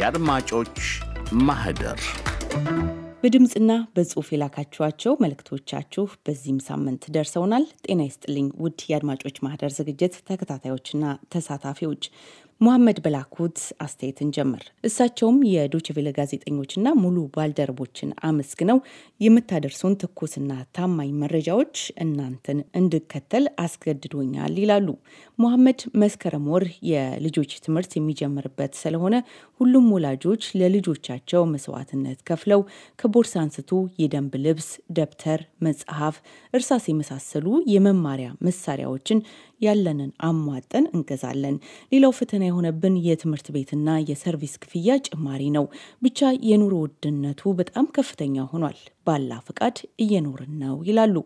የአድማጮች ማህደር በድምፅና በጽሁፍ የላካችኋቸው መልእክቶቻችሁ በዚህም ሳምንት ደርሰውናል። ጤና ይስጥልኝ ውድ የአድማጮች ማህደር ዝግጅት ተከታታዮችና ተሳታፊዎች ሙሐመድ በላኩት አስተያየትን ጀምር። እሳቸውም የዶችቬለ ጋዜጠኞችና ሙሉ ባልደረቦችን አመስግነው የምታደርሱን ትኩስና ታማኝ መረጃዎች እናንተን እንድከተል አስገድዶኛል ይላሉ። ሙሐመድ መስከረም ወር የልጆች ትምህርት የሚጀምርበት ስለሆነ ሁሉም ወላጆች ለልጆቻቸው መስዋዕትነት ከፍለው ከቦርሳ አንስቶ የደንብ ልብስ፣ ደብተር፣ መጽሐፍ፣ እርሳስ የመሳሰሉ የመማሪያ መሳሪያዎችን ያለንን አሟጠን እንገዛለን። ሌላው ፈተና የሆነብን የትምህርት ቤትና የሰርቪስ ክፍያ ጭማሪ ነው። ብቻ የኑሮ ውድነቱ በጣም ከፍተኛ ሆኗል። ባላ ፈቃድ እየኖርን ነው ይላሉ።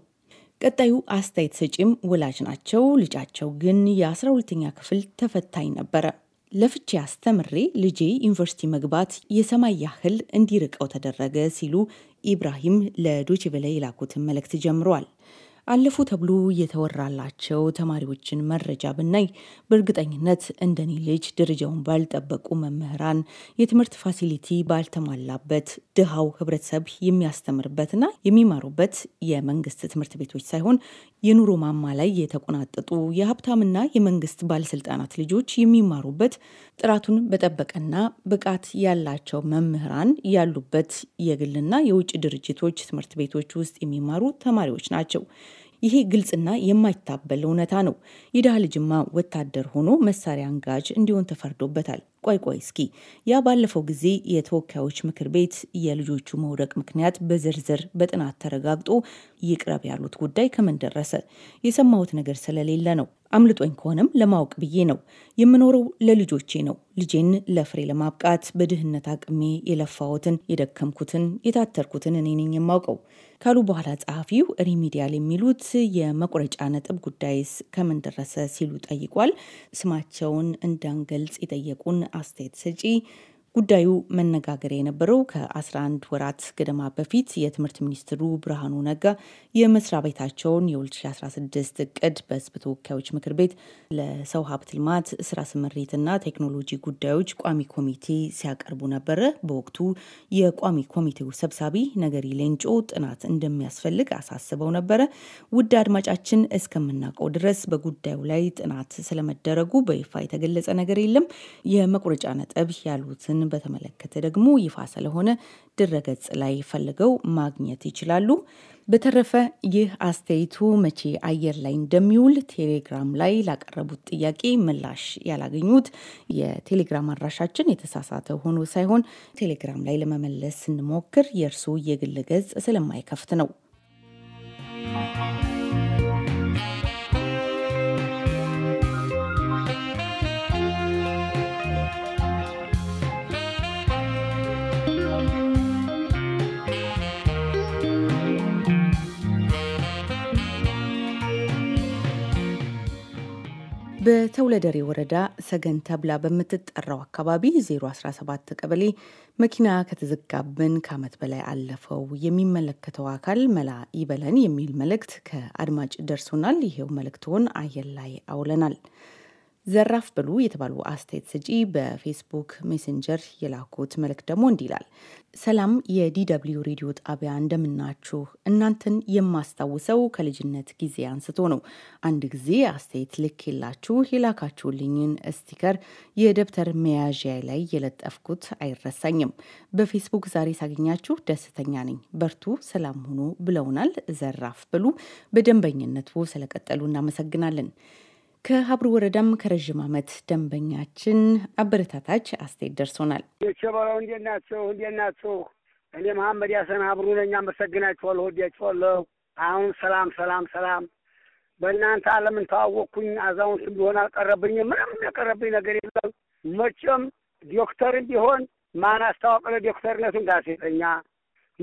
ቀጣዩ አስተያየት ሰጪም ወላጅ ናቸው። ልጃቸው ግን የ12ተኛ ክፍል ተፈታኝ ነበረ። ለፍቼ አስተምሬ ልጄ ዩኒቨርሲቲ መግባት የሰማይ ያህል እንዲርቀው ተደረገ ሲሉ ኢብራሂም ለዶችቬለ የላኩትን መልእክት ጀምረዋል። አለፉ ተብሎ የተወራላቸው ተማሪዎችን መረጃ ብናይ በእርግጠኝነት እንደኔ ልጅ ደረጃውን ባልጠበቁ መምህራን፣ የትምህርት ፋሲሊቲ ባልተሟላበት፣ ድሃው ህብረተሰብ የሚያስተምርበትና የሚማሩበት የመንግስት ትምህርት ቤቶች ሳይሆን የኑሮ ማማ ላይ የተቆናጠጡ የሀብታምና የመንግስት ባለስልጣናት ልጆች የሚማሩበት ጥራቱን በጠበቀና ብቃት ያላቸው መምህራን ያሉበት የግልና የውጭ ድርጅቶች ትምህርት ቤቶች ውስጥ የሚማሩ ተማሪዎች ናቸው። ይሄ ግልጽና የማይታበል እውነታ ነው። የድሃ ልጅማ ወታደር ሆኖ መሳሪያ አንጋጅ እንዲሆን ተፈርዶበታል። ቆይ ቆይ እስኪ ያ ባለፈው ጊዜ የተወካዮች ምክር ቤት የልጆቹ መውደቅ ምክንያት በዝርዝር በጥናት ተረጋግጦ ይቅረብ ያሉት ጉዳይ ከምን ደረሰ? የሰማሁት ነገር ስለሌለ ነው። አምልጦኝ ከሆነም ለማወቅ ብዬ ነው። የምኖረው ለልጆቼ ነው። ልጄን ለፍሬ ለማብቃት በድህነት አቅሜ የለፋሁትን፣ የደከምኩትን፣ የታተርኩትን እኔ ነኝ የማውቀው። ካሉ በኋላ ጸሐፊው ሪሚዲያል የሚሉት የመቁረጫ ነጥብ ጉዳይስ ከምን ደረሰ ሲሉ ጠይቋል። ስማቸውን እንዳንገልጽ የጠየቁን አስተያየት ሰጪ ጉዳዩ መነጋገሪያ የነበረው ከ11 ወራት ገደማ በፊት የትምህርት ሚኒስትሩ ብርሃኑ ነጋ የመስሪያ ቤታቸውን የ2016 እቅድ በህዝብ ተወካዮች ምክር ቤት ለሰው ሀብት ልማት ስራ ስምሪትና ቴክኖሎጂ ጉዳዮች ቋሚ ኮሚቴ ሲያቀርቡ ነበረ። በወቅቱ የቋሚ ኮሚቴው ሰብሳቢ ነገሪ ሌንጮ ጥናት እንደሚያስፈልግ አሳስበው ነበረ። ውድ አድማጫችን፣ እስከምናውቀው ድረስ በጉዳዩ ላይ ጥናት ስለመደረጉ በይፋ የተገለጸ ነገር የለም። የመቁረጫ ነጥብ ያሉትን ይህንን በተመለከተ ደግሞ ይፋ ስለሆነ ድረገጽ ላይ ፈልገው ማግኘት ይችላሉ። በተረፈ ይህ አስተያየቱ መቼ አየር ላይ እንደሚውል ቴሌግራም ላይ ላቀረቡት ጥያቄ ምላሽ ያላገኙት የቴሌግራም አድራሻችን የተሳሳተ ሆኖ ሳይሆን ቴሌግራም ላይ ለመመለስ ስንሞክር የእርሱ የግል ገጽ ስለማይከፍት ነው። በተውለደሬ ወረዳ ሰገን ተብላ በምትጠራው አካባቢ 017 ቀበሌ መኪና ከተዘጋብን ከዓመት በላይ አለፈው፣ የሚመለከተው አካል መላ ይበለን የሚል መልእክት ከአድማጭ ደርሶናል። ይሄው መልእክትውን አየር ላይ አውለናል። ዘራፍ ብሉ የተባሉ አስተያየት ሰጪ በፌስቡክ ሜሴንጀር የላኩት መልእክት ደግሞ እንዲህ ይላል። ሰላም የዲደብሊዩ ሬዲዮ ጣቢያ እንደምናችሁ። እናንተን የማስታውሰው ከልጅነት ጊዜ አንስቶ ነው። አንድ ጊዜ አስተያየት ልክ የላችሁ የላካችሁልኝን ስቲከር የደብተር መያዣ ላይ የለጠፍኩት አይረሳኝም። በፌስቡክ ዛሬ ሳገኛችሁ ደስተኛ ነኝ። በርቱ፣ ሰላም ሁኑ ብለውናል። ዘራፍ ብሉ በደንበኝነቱ ስለቀጠሉ እናመሰግናለን። ከሀብሩ ወረዳም ከረዥም ዓመት ደንበኛችን አበረታታች አስተያየት ደርሶናል። የቸበረው እንዴት ናቸው? እንዴት እኔ መሐመድ ያሰን ሀብሩ ነኝ። አመሰግናችኋለሁ፣ ወዳችኋለሁ። አሁን ሰላም ሰላም ሰላም። በእናንተ አለምን ተዋወቅኩኝ። አዛውንትም ቢሆን አልቀረብኝም። ምንም የቀረብኝ ነገር የለም። መቼም ዶክተርም ቢሆን ማን አስታወቀ ለዶክተርነቱን ጋዜጠኛ፣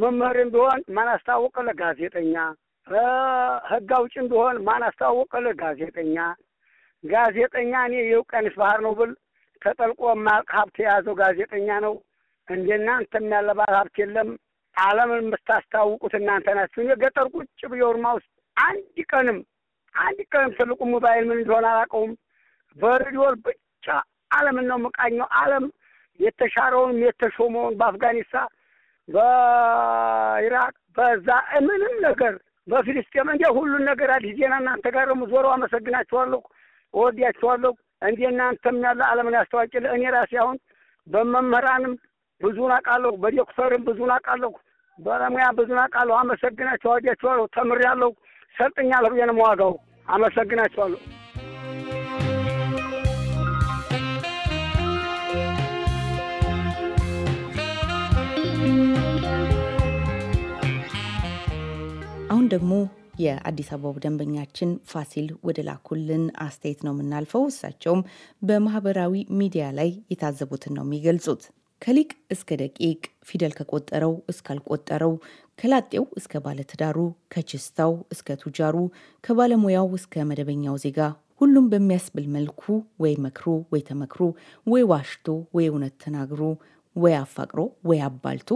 መምህርም ቢሆን ማን አስታወቀ ለጋዜጠኛ፣ ህግ አውጭም ቢሆን ማን አስታወቀ ለጋዜጠኛ ጋዜጠኛ እኔ የእውቀንስ ባህር ነው ብል ተጠልቆ ማቅ ሀብት የያዘው ጋዜጠኛ ነው። እንደናንተም ያለ ባለ ሀብት የለም። ዓለምን የምታስታውቁት እናንተ ናችሁ። እኔ ገጠር ቁጭ ብዬ ወርማ ውስጥ አንድ ቀንም አንድ ቀንም ትልቁ ሞባይል ምን እንደሆነ አላውቀውም። በሬዲዮል ብቻ ዓለምን ነው የምቃኘው። ዓለም የተሻረውንም የተሾመውን በአፍጋኒስታን፣ በኢራቅ፣ በዛ ምንም ነገር በፊልስጤም እንዲያ ሁሉን ነገር አዲስ ዜና እናንተ ጋር ደግሞ ዞሮ አመሰግናችኋለሁ። እወዳቸዋለሁ። እንደ እናንተም ያለ ዓለምን ያስተዋጭል። እኔ ራሴ አሁን በመምህራንም ብዙን አውቃለሁ፣ በዶክተርም ብዙን አውቃለሁ፣ በባለሙያ ብዙን አውቃለሁ። አመሰግናቸው፣ እወዳቸዋለሁ። ተምሬያለሁ፣ ሰልጥኛለሁ። የንም ዋጋው አመሰግናቸዋለሁ። አሁን ደግሞ የአዲስ አበባው ደንበኛችን ፋሲል ወደ ላኩልን አስተያየት ነው የምናልፈው። እሳቸውም በማህበራዊ ሚዲያ ላይ የታዘቡትን ነው የሚገልጹት። ከሊቅ እስከ ደቂቅ ፊደል ከቆጠረው እስካልቆጠረው፣ ከላጤው እስከ ባለትዳሩ፣ ከችስታው እስከ ቱጃሩ፣ ከባለሙያው እስከ መደበኛው ዜጋ ሁሉም በሚያስብል መልኩ ወይ መክሮ ወይ ተመክሮ ወይ ዋሽቶ ወይ እውነት ተናግሮ ወይ አፋቅሮ ወይ አባልቶ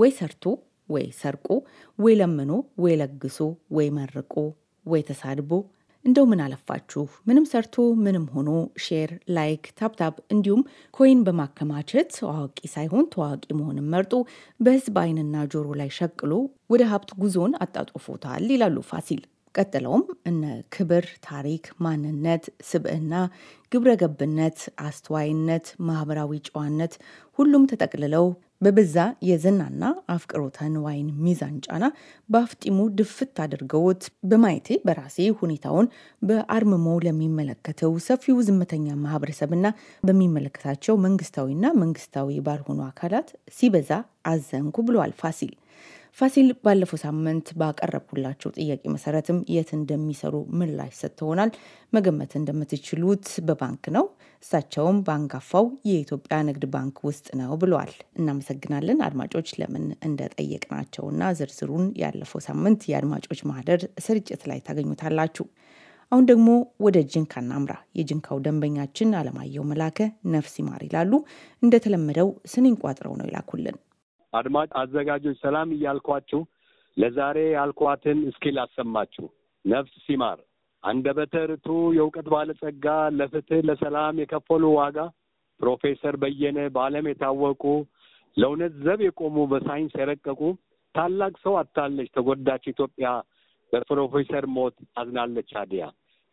ወይ ሰርቶ ወይ ሰርቆ ወይ ለምኖ ወይ ለግሶ ወይ መርቆ ወይ ተሳድቦ እንደው ምን አለፋችሁ ምንም ሰርቶ ምንም ሆኖ ሼር፣ ላይክ፣ ታፕታፕ እንዲሁም ኮይን በማከማቸት አዋቂ ሳይሆን ታዋቂ መሆንን መርጦ በህዝብ አይንና ጆሮ ላይ ሸቅሎ ወደ ሀብት ጉዞን አጣጦፎታል ይላሉ ፋሲል። ቀጥለውም እነ ክብር፣ ታሪክ፣ ማንነት፣ ስብዕና፣ ግብረ ገብነት፣ አስተዋይነት፣ ማህበራዊ ጨዋነት ሁሉም ተጠቅልለው በበዛ የዝናና አፍቅሮተ ንዋይን ሚዛን ጫና በአፍጢሙ ድፍት አድርገውት በማየቴ በራሴ ሁኔታውን በአርምሞ ለሚመለከተው ሰፊው ዝምተኛ ማህበረሰብና በሚመለከታቸው መንግስታዊና መንግስታዊ ባልሆኑ አካላት ሲበዛ አዘንኩ ብለዋል ፋሲል። ፋሲል ባለፈው ሳምንት ባቀረብኩላቸው ጥያቄ መሰረትም የት እንደሚሰሩ ምላሽ ሰጥተውናል። መገመት እንደምትችሉት በባንክ ነው። እሳቸውም በአንጋፋው የኢትዮጵያ ንግድ ባንክ ውስጥ ነው ብለዋል። እናመሰግናለን አድማጮች ለምን እንደጠየቅናቸውና ዝርዝሩን ያለፈው ሳምንት የአድማጮች ማህደር ስርጭት ላይ ታገኙታላችሁ። አሁን ደግሞ ወደ ጅንካ እናምራ። የጅንካው ደንበኛችን አለማየሁ መላከ ነፍስ ይማር ይላሉ። እንደተለመደው ስንኝ ቋጥረው ነው ይላኩልን። አድማጭ አዘጋጆች ሰላም እያልኳችሁ ለዛሬ ያልኳትን እስኪ ላሰማችሁ። ነፍስ ሲማር አንደበተ ርቱዕ የእውቀት ባለጸጋ ለፍትህ ለሰላም የከፈሉ ዋጋ ፕሮፌሰር በየነ በዓለም የታወቁ ለእውነት ዘብ የቆሙ በሳይንስ የረቀቁ ታላቅ ሰው አታለች ተጎዳች ኢትዮጵያ በፕሮፌሰር ሞት አዝናለች አዲያ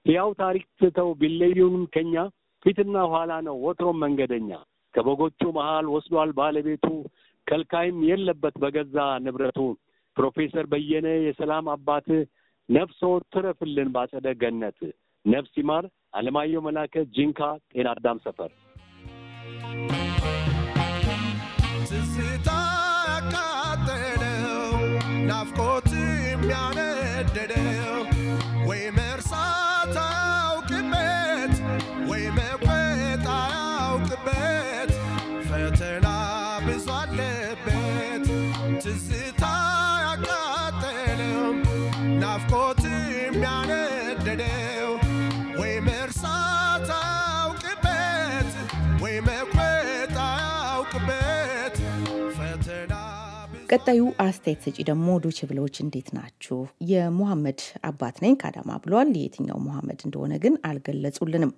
ሕያው ታሪክ ትተው ቢለዩንም ከኛ ፊትና ኋላ ነው ወትሮም መንገደኛ ከበጎቹ መሃል ወስዷል ባለቤቱ ከልካይም የለበት በገዛ ንብረቱ። ፕሮፌሰር በየነ የሰላም አባት ነፍሶ ትረፍልን ባጸደ ገነት። ነፍስ ይማር። አለማየሁ መላከ ጂንካ ጤና አዳም ሰፈር ናፍቆት የሚያነደደው ወይ ቀጣዩ አስተያየት ሰጪ ደግሞ ዶች ብለዎች እንዴት ናችሁ? የሙሐመድ አባት ነኝ ከአዳማ ብሏል። የትኛው ሙሐመድ እንደሆነ ግን አልገለጹልንም።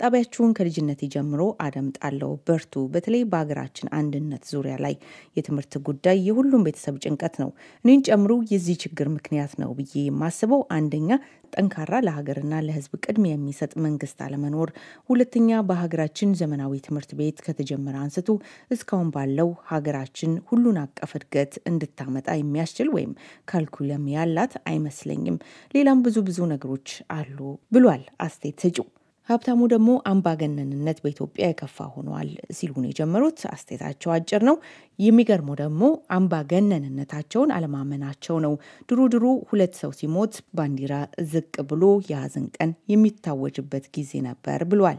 ጣቢያችሁን ከልጅነት ጀምሮ አደምጣለሁ፣ በርቱ። በተለይ በሀገራችን አንድነት ዙሪያ ላይ የትምህርት ጉዳይ የሁሉም ቤተሰብ ጭንቀት ነው። እኔን ጨምሮ የዚህ ችግር ምክንያት ነው ብዬ የማስበው አንደኛ ጠንካራ ለሀገርና ለሕዝብ ቅድሚያ የሚሰጥ መንግስት አለመኖር፣ ሁለተኛ በሀገራችን ዘመናዊ ትምህርት ቤት ከተጀመረ አንስቶ እስካሁን ባለው ሀገራችን ሁሉን አቀፍ እድገት እንድታመጣ የሚያስችል ወይም ካልኩለም ያላት አይመስለኝም። ሌላም ብዙ ብዙ ነገሮች አሉ ብሏል አስቴት ሰጪው። ሀብታሙ ደግሞ አምባገነንነት በኢትዮጵያ የከፋ ሆኗል ሲሉን የጀመሩት። አስተያየታቸው አጭር ነው። የሚገርመው ደግሞ አምባገነንነታቸውን አለማመናቸው ነው። ድሮ ድሮ ሁለት ሰው ሲሞት ባንዲራ ዝቅ ብሎ የሀዘን ቀን የሚታወጅበት ጊዜ ነበር ብሏል።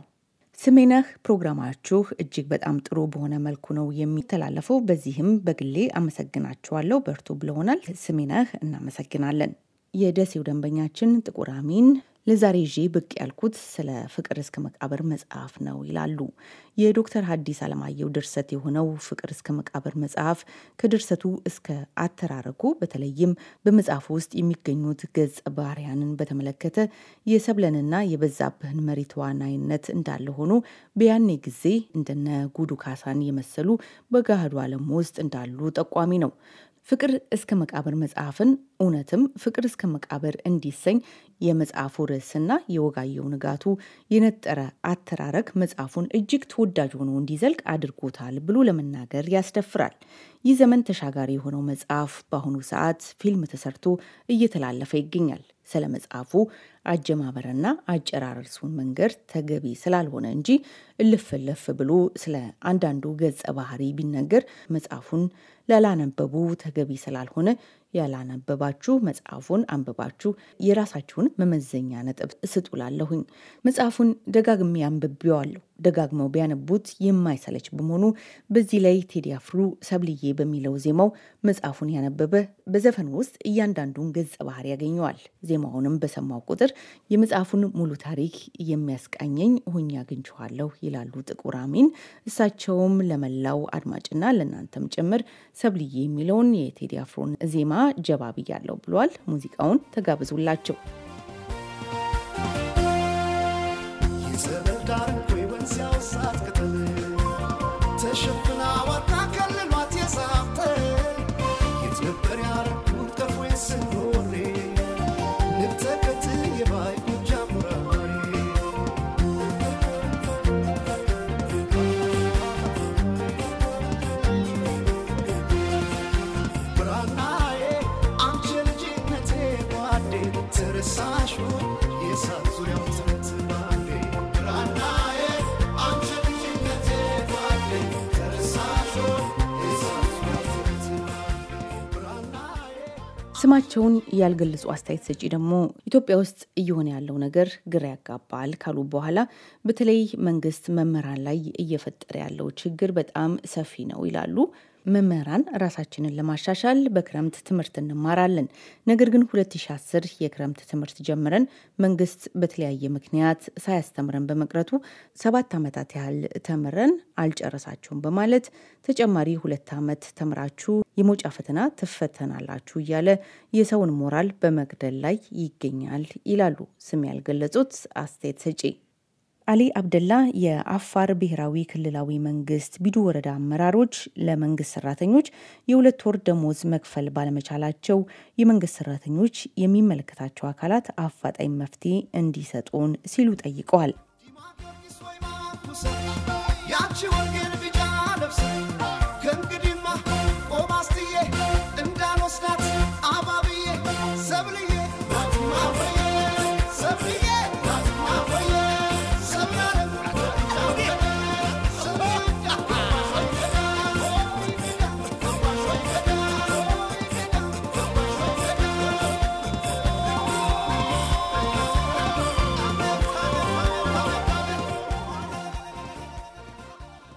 ስሜነህ ፕሮግራማችሁ እጅግ በጣም ጥሩ በሆነ መልኩ ነው የሚተላለፈው። በዚህም በግሌ አመሰግናችኋለሁ። በርቱ ብለሆናል። ስሜነህ እናመሰግናለን። የደሴው ደንበኛችን ጥቁር አሚን ለዛሬ ይዤ ብቅ ያልኩት ስለ ፍቅር እስከ መቃብር መጽሐፍ ነው ይላሉ። የዶክተር ሐዲስ አለማየሁ ድርሰት የሆነው ፍቅር እስከ መቃብር መጽሐፍ ከድርሰቱ እስከ አተራረኩ በተለይም በመጽሐፉ ውስጥ የሚገኙት ገጸ ባህሪያንን በተመለከተ የሰብለንና የበዛብህን መሪ ተዋናይነት እንዳለ ሆኖ በያኔ ጊዜ እንደነ ጉዱ ካሳን የመሰሉ በገሃዱ ዓለም ውስጥ እንዳሉ ጠቋሚ ነው። ፍቅር እስከ መቃብር መጽሐፍን እውነትም ፍቅር እስከ መቃብር እንዲሰኝ የመጽሐፉ ርዕስና የወጋየሁ ንጋቱ የነጠረ አተራረክ መጽሐፉን እጅግ ተወዳጅ ሆኖ እንዲዘልቅ አድርጎታል ብሎ ለመናገር ያስደፍራል። ይህ ዘመን ተሻጋሪ የሆነው መጽሐፍ በአሁኑ ሰዓት ፊልም ተሰርቶ እየተላለፈ ይገኛል። ስለ መጽሐፉ አጀማመርና አጨራረሱን መንገድ ተገቢ ስላልሆነ እንጂ እልፍ እልፍ ብሎ ስለ አንዳንዱ ገጸ ባህሪ ቢነገር መጽሐፉን ላላነበቡ ተገቢ ስላልሆነ ያላነበባችሁ መጽሐፉን አንብባችሁ የራሳችሁን መመዘኛ ነጥብ እስጡላለሁኝ። መጽሐፉን ደጋግሜ አንብቤዋለሁ። ደጋግመው ቢያነቡት የማይሰለች በመሆኑ በዚህ ላይ ቴዲ ሰብልዬ በሚለው ዜማው መጽሐፉን ያነበበ በዘፈን ውስጥ እያንዳንዱን ገጸ ባህሪ ያገኘዋል። ዜማውንም በሰማው ቁጥር የመጽሐፉን ሙሉ ታሪክ የሚያስቃኘኝ ሆኜ አግኝቼዋለሁ ይላሉ ጥቁር አሚን። እሳቸውም ለመላው አድማጭና ለእናንተም ጭምር ሰብልዬ የሚለውን የቴዲ አፍሮን ዜማ ጀባ ብያለው ብሏል። ሙዚቃውን ተጋብዙላቸው። ስማቸውን ያልገለጹ አስተያየት ሰጪ ደግሞ ኢትዮጵያ ውስጥ እየሆነ ያለው ነገር ግራ ያጋባል ካሉ በኋላ በተለይ መንግስት መምህራን ላይ እየፈጠረ ያለው ችግር በጣም ሰፊ ነው ይላሉ። መምህራን ራሳችንን ለማሻሻል በክረምት ትምህርት እንማራለን። ነገር ግን 2010 የክረምት ትምህርት ጀምረን መንግስት በተለያየ ምክንያት ሳያስተምረን በመቅረቱ ሰባት ዓመታት ያህል ተምረን አልጨረሳችሁም በማለት ተጨማሪ ሁለት ዓመት ተምራችሁ የመውጫ ፈተና ትፈተናላችሁ እያለ የሰውን ሞራል በመግደል ላይ ይገኛል ይላሉ ስም ያልገለጹት አስተያየት ሰጪ። አሊ አብደላ የአፋር ብሔራዊ ክልላዊ መንግስት ቢዱ ወረዳ አመራሮች ለመንግስት ሰራተኞች የሁለት ወር ደሞዝ መክፈል ባለመቻላቸው የመንግስት ሰራተኞች የሚመለከታቸው አካላት አፋጣኝ መፍትሄ እንዲሰጡን ሲሉ ጠይቀዋል።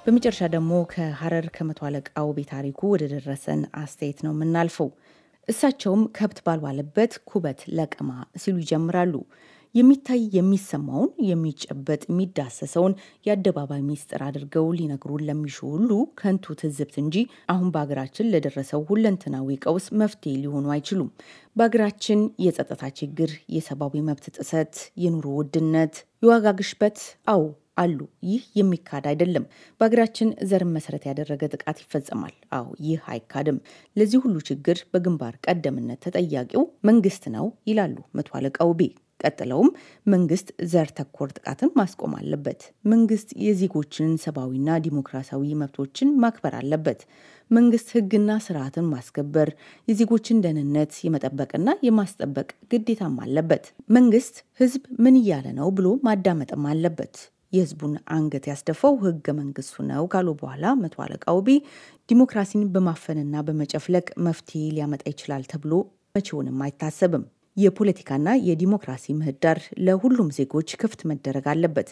በመጨረሻ ደግሞ ከሀረር ከመቶ አለቃው ቤታሪኩ ወደ ደረሰን አስተያየት ነው የምናልፈው። እሳቸውም ከብት ባልባለበት ኩበት ለቀማ ሲሉ ይጀምራሉ። የሚታይ የሚሰማውን የሚጨበጥ የሚዳሰሰውን የአደባባይ ሚስጥር አድርገው ሊነግሩን ለሚሹ ሁሉ ከንቱ ትዝብት እንጂ አሁን በሀገራችን ለደረሰው ሁለንተናዊ ቀውስ መፍትሄ ሊሆኑ አይችሉም። በሀገራችን የጸጥታ ችግር፣ የሰብአዊ መብት ጥሰት፣ የኑሮ ውድነት፣ የዋጋ ግሽበት አዎ አሉ። ይህ የሚካድ አይደለም። በሀገራችን ዘርን መሰረት ያደረገ ጥቃት ይፈጸማል። አዎ፣ ይህ አይካድም። ለዚህ ሁሉ ችግር በግንባር ቀደምነት ተጠያቂው መንግስት ነው ይላሉ መቶ አለቃ ውቤ። ቀጥለውም መንግስት ዘር ተኮር ጥቃትን ማስቆም አለበት። መንግስት የዜጎችን ሰብአዊና ዲሞክራሲያዊ መብቶችን ማክበር አለበት። መንግስት ህግና ስርዓትን ማስከበር፣ የዜጎችን ደህንነት የመጠበቅና የማስጠበቅ ግዴታም አለበት። መንግስት ህዝብ ምን እያለ ነው ብሎ ማዳመጥም አለበት። የህዝቡን አንገት ያስደፈው ህገ መንግስቱ ነው ካሉ በኋላ መቶ አለቃ ውቢ ዲሞክራሲን በማፈንና በመጨፍለቅ መፍትሄ ሊያመጣ ይችላል ተብሎ መቼውንም አይታሰብም። የፖለቲካና የዲሞክራሲ ምህዳር ለሁሉም ዜጎች ክፍት መደረግ አለበት።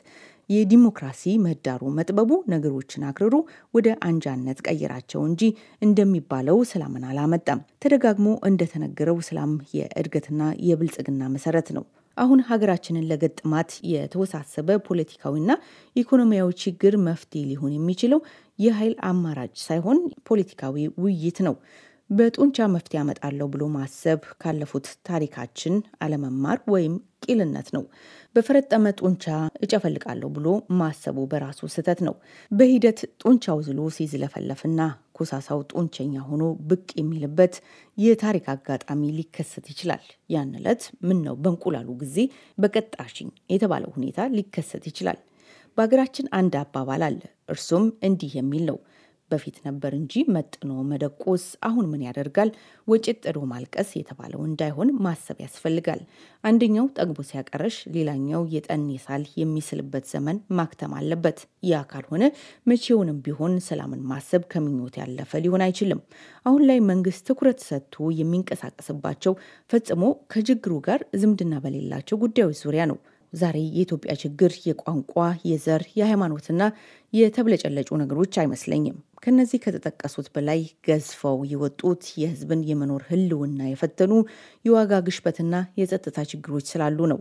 የዲሞክራሲ ምህዳሩ መጥበቡ ነገሮችን አክርሩ ወደ አንጃነት ቀይራቸው እንጂ እንደሚባለው ሰላምን አላመጣም። ተደጋግሞ እንደተነገረው ሰላም የእድገትና የብልጽግና መሰረት ነው። አሁን ሀገራችንን ለገጥማት የተወሳሰበ ፖለቲካዊና ኢኮኖሚያዊ ችግር መፍትሄ ሊሆን የሚችለው የኃይል አማራጭ ሳይሆን ፖለቲካዊ ውይይት ነው። በጡንቻ መፍትሄ አመጣለሁ ብሎ ማሰብ ካለፉት ታሪካችን አለመማር ወይም ቂልነት ነው። በፈረጠመ ጡንቻ እጨፈልቃለሁ ብሎ ማሰቡ በራሱ ስህተት ነው። በሂደት ጡንቻው ዝሎ ሲዝለፈለፍና ኮሳሳው ጡንቸኛ ሆኖ ብቅ የሚልበት የታሪክ አጋጣሚ ሊከሰት ይችላል። ያን ዕለት ምን ነው በእንቁላሉ ጊዜ በቀጣሽኝ የተባለው ሁኔታ ሊከሰት ይችላል። በሀገራችን አንድ አባባል አለ። እርሱም እንዲህ የሚል ነው በፊት ነበር እንጂ መጥኖ መደቆስ አሁን ምን ያደርጋል ወጭት ጥዶ ማልቀስ የተባለው እንዳይሆን ማሰብ ያስፈልጋል። አንደኛው ጠግቦ ሲያቀረሽ፣ ሌላኛው የጠን ሳል የሚስልበት ዘመን ማክተም አለበት። ያ ካልሆነ መቼውንም ቢሆን ሰላምን ማሰብ ከምኞት ያለፈ ሊሆን አይችልም። አሁን ላይ መንግስት ትኩረት ሰጥቶ የሚንቀሳቀስባቸው ፈጽሞ ከችግሩ ጋር ዝምድና በሌላቸው ጉዳዮች ዙሪያ ነው። ዛሬ የኢትዮጵያ ችግር የቋንቋ፣ የዘር፣ የሃይማኖትና የተብለጨለጩ ነገሮች አይመስለኝም። ከነዚህ ከተጠቀሱት በላይ ገዝፈው የወጡት የህዝብን የመኖር ህልውና የፈተኑ የዋጋ ግሽበትና የጸጥታ ችግሮች ስላሉ ነው።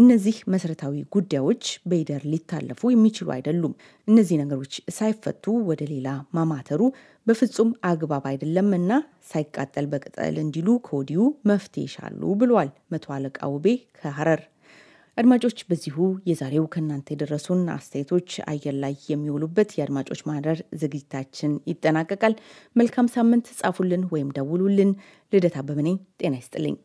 እነዚህ መሰረታዊ ጉዳዮች በይደር ሊታለፉ የሚችሉ አይደሉም። እነዚህ ነገሮች ሳይፈቱ ወደ ሌላ ማማተሩ በፍጹም አግባብ አይደለም እና ሳይቃጠል በቅጠል እንዲሉ ከወዲሁ መፍትሄ ይሻሉ ብሏል መቶ አለቃ ውቤ ከሀረር። አድማጮች፣ በዚሁ የዛሬው ከእናንተ የደረሱን አስተያየቶች አየር ላይ የሚውሉበት የአድማጮች ማህደር ዝግጅታችን ይጠናቀቃል። መልካም ሳምንት። ጻፉልን ወይም ደውሉልን። ልደት አበበ ነኝ። ጤና ይስጥልኝ።